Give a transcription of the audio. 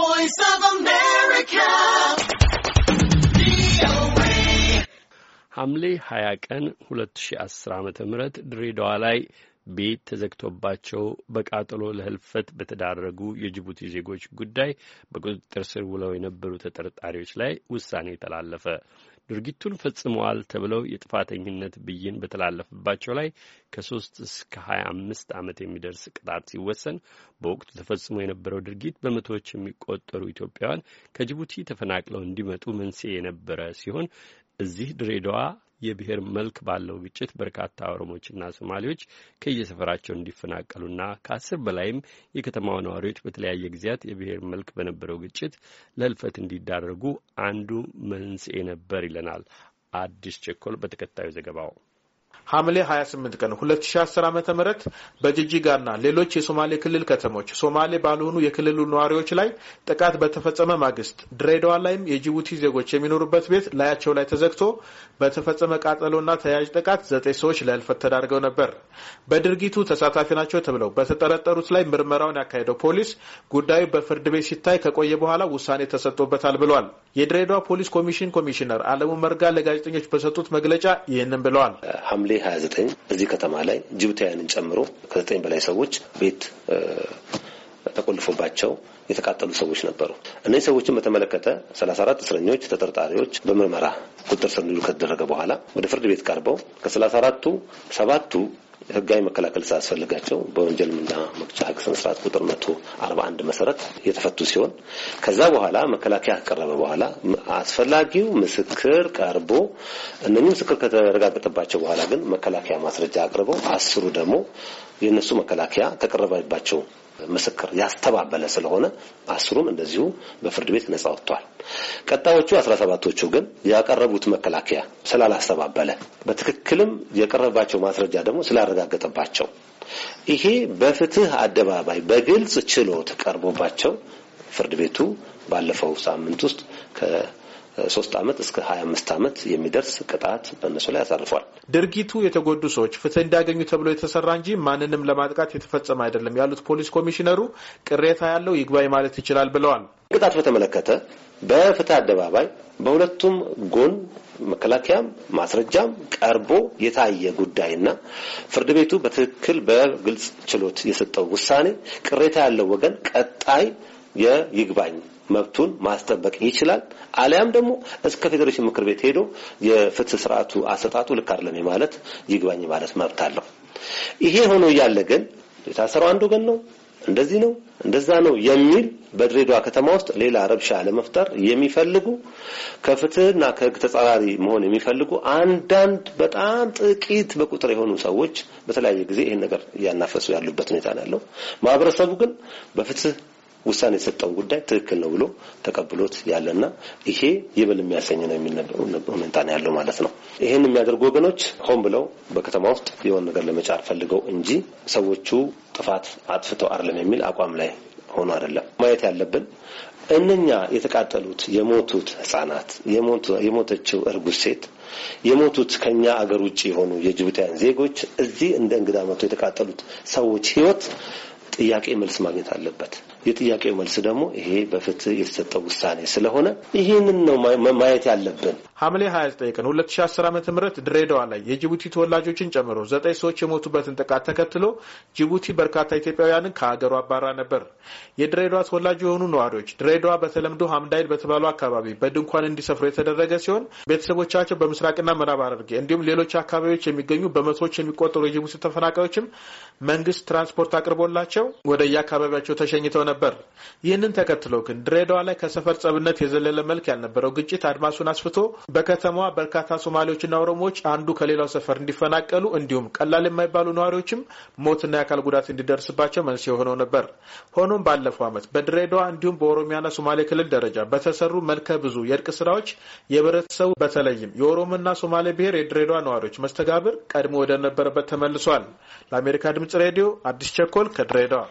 voice of America. ሐምሌ 20 ቀን 2010 ዓ.ም ድሬዳዋ ላይ ቤት ተዘግቶባቸው በቃጠሎ ለህልፈት በተዳረጉ የጅቡቲ ዜጎች ጉዳይ በቁጥጥር ስር ውለው የነበሩ ተጠርጣሪዎች ላይ ውሳኔ ተላለፈ። ድርጊቱን ፈጽመዋል ተብለው የጥፋተኝነት ብይን በተላለፈባቸው ላይ ከሶስት እስከ ሀያ አምስት ዓመት የሚደርስ ቅጣት ሲወሰን በወቅቱ ተፈጽሞ የነበረው ድርጊት በመቶዎች የሚቆጠሩ ኢትዮጵያውያን ከጅቡቲ ተፈናቅለው እንዲመጡ መንስኤ የነበረ ሲሆን እዚህ ድሬዳዋ የብሔር መልክ ባለው ግጭት በርካታ ኦሮሞችና ሶማሌዎች ከየሰፈራቸው እንዲፈናቀሉና ከአስር በላይም የከተማው ነዋሪዎች በተለያየ ጊዜያት የብሔር መልክ በነበረው ግጭት ለህልፈት እንዲዳረጉ አንዱ መንስኤ ነበር ይለናል አዲስ ቸኮል በተከታዩ ዘገባው። ሐምሌ 28 ቀን 2010 ዓ ም በጅጅጋና ሌሎች የሶማሌ ክልል ከተሞች ሶማሌ ባልሆኑ የክልሉ ነዋሪዎች ላይ ጥቃት በተፈጸመ ማግስት ድሬዳዋ ላይም የጅቡቲ ዜጎች የሚኖሩበት ቤት ላያቸው ላይ ተዘግቶ በተፈጸመ ቃጠሎና ተያያዥ ጥቃት ዘጠኝ ሰዎች ለህልፈት ተዳርገው ነበር። በድርጊቱ ተሳታፊ ናቸው ተብለው በተጠረጠሩት ላይ ምርመራውን ያካሄደው ፖሊስ ጉዳዩ በፍርድ ቤት ሲታይ ከቆየ በኋላ ውሳኔ ተሰጥቶበታል ብሏል። የድሬዳዋ ፖሊስ ኮሚሽን ኮሚሽነር አለሙ መርጋ ለጋዜጠኞች በሰጡት መግለጫ ይህንን ብለዋል። 29 እዚህ ከተማ ላይ ጅቡቲያንን ጨምሮ ከዘጠኝ በላይ ሰዎች ቤት ተቆልፎባቸው የተቃጠሉ ሰዎች ነበሩ። እነዚህ ሰዎችን በተመለከተ 34 እስረኞች ተጠርጣሪዎች በምርመራ ቁጥጥር ስር እንዲውሉ ከተደረገ በኋላ ወደ ፍርድ ቤት ቀርበው ከ34ቱ ሰባቱ ህጋዊ መከላከል ሳያስፈልጋቸው በወንጀል ምና መቅጫ ህግ ስነስርዓት ቁጥር መቶ አርባ አንድ መሰረት የተፈቱ ሲሆን ከዛ በኋላ መከላከያ ከቀረበ በኋላ አስፈላጊው ምስክር ቀርቦ እነኚህ ምስክር ከተረጋገጠባቸው በኋላ ግን መከላከያ ማስረጃ አቅርበው አስሩ ደግሞ የእነሱ መከላከያ ተቀረበባቸው ምስክር ያስተባበለ ስለሆነ አስሩም እንደዚሁ በፍርድ ቤት ነጻ ወጥቷል። ቀጣዮቹ አስራ ሰባቶቹ ግን ያቀረቡት መከላከያ ስላላስተባበለ በትክክልም የቀረበባቸው ማስረጃ ደግሞ ስላረ የተረጋገጠባቸው ይሄ በፍትህ አደባባይ በግልጽ ችሎት ቀርቦባቸው ፍርድ ቤቱ ባለፈው ሳምንት ውስጥ ሶስት ዓመት እስከ ሀያ አምስት ዓመት የሚደርስ ቅጣት በእነሱ ላይ አሳርፏል። ድርጊቱ የተጎዱ ሰዎች ፍትህ እንዲያገኙ ተብሎ የተሰራ እንጂ ማንንም ለማጥቃት የተፈጸመ አይደለም ያሉት ፖሊስ ኮሚሽነሩ ቅሬታ ያለው ይግባኝ ማለት ይችላል ብለዋል። ቅጣት በተመለከተ በፍትህ አደባባይ በሁለቱም ጎን መከላከያም ማስረጃም ቀርቦ የታየ ጉዳይና ፍርድ ቤቱ በትክክል በግልጽ ችሎት የሰጠው ውሳኔ ቅሬታ ያለው ወገን ቀጣይ የይግባኝ መብቱን ማስጠበቅ ይችላል። አሊያም ደግሞ እስከ ፌዴሬሽን ምክር ቤት ሄዶ የፍትህ ስርዓቱ አሰጣጡ ልክ አይደለም ማለት ይግባኝ ማለት መብት አለው። ይሄ ሆኖ እያለ ግን የታሰረው አንድ ወገን ነው፣ እንደዚህ ነው፣ እንደዛ ነው የሚል በድሬዳዋ ከተማ ውስጥ ሌላ ረብሻ ለመፍጠር የሚፈልጉ ከፍትህና ከህግ ተጻራሪ መሆን የሚፈልጉ አንዳንድ በጣም ጥቂት በቁጥር የሆኑ ሰዎች በተለያየ ጊዜ ይህን ነገር እያናፈሱ ያሉበት ሁኔታ ነው ያለው። ማህበረሰቡ ግን በፍትህ ውሳኔ የሰጠውን ጉዳይ ትክክል ነው ብሎ ተቀብሎት ያለና ይሄ ይበል የሚያሰኝ ነው የሚል ሁኔታ ነው ያለው ማለት ነው። ይህን የሚያደርጉ ወገኖች ሆን ብለው በከተማ ውስጥ የሆነ ነገር ለመጫር ፈልገው እንጂ ሰዎቹ ጥፋት አጥፍተው አይደለም የሚል አቋም ላይ ሆኖ አይደለም ማየት ያለብን። እነኛ የተቃጠሉት የሞቱት ህጻናት፣ የሞተችው እርጉዝ ሴት፣ የሞቱት ከኛ አገር ውጭ የሆኑ የጅቡቲያን ዜጎች እዚህ እንደ እንግዳ መጥቶ የተቃጠሉት ሰዎች ህይወት ጥያቄ መልስ ማግኘት አለበት። የጥያቄው መልስ ደግሞ ይሄ በፍትህ የተሰጠው ውሳኔ ስለሆነ ይህንን ነው ማየት ያለብን። ሐምሌ 29 ቀን 2010 ዓ ም ድሬዳዋ ላይ የጅቡቲ ተወላጆችን ጨምሮ ዘጠኝ ሰዎች የሞቱበትን ጥቃት ተከትሎ ጅቡቲ በርካታ ኢትዮጵያውያንን ከሀገሩ አባራ ነበር። የድሬዳዋ ተወላጅ የሆኑ ነዋሪዎች ድሬዳዋ በተለምዶ ሀምዳይል በተባለው አካባቢ በድንኳን እንዲሰፍሩ የተደረገ ሲሆን ቤተሰቦቻቸው በምስራቅና ምዕራብ አድርጌ እንዲሁም ሌሎች አካባቢዎች የሚገኙ በመቶዎች የሚቆጠሩ የጅቡቲ ተፈናቃዮችም መንግስት ትራንስፖርት አቅርቦላቸው ወደ የአካባቢያቸው ተሸኝተው ነበር። ይህንን ተከትሎ ግን ድሬዳዋ ላይ ከሰፈር ጸብነት የዘለለ መልክ ያልነበረው ግጭት አድማሱን አስፍቶ በከተማዋ በርካታ ሶማሌዎችና ኦሮሞዎች አንዱ ከሌላው ሰፈር እንዲፈናቀሉ እንዲሁም ቀላል የማይባሉ ነዋሪዎችም ሞትና የአካል ጉዳት እንዲደርስባቸው መንስኤ ሆነው ነበር። ሆኖም ባለፈው ዓመት በድሬዳዋ እንዲሁም በኦሮሚያና ሶማሌ ክልል ደረጃ በተሰሩ መልከ ብዙ የእርቅ ስራዎች የህብረተሰቡ በተለይም የኦሮሞና ሶማሌ ብሔር የድሬዳዋ ነዋሪዎች መስተጋብር ቀድሞ ወደነበረበት ተመልሷል። ለአሜሪካ ድምጽ ሬዲዮ አዲስ ቸኮል ከድሬዳዋ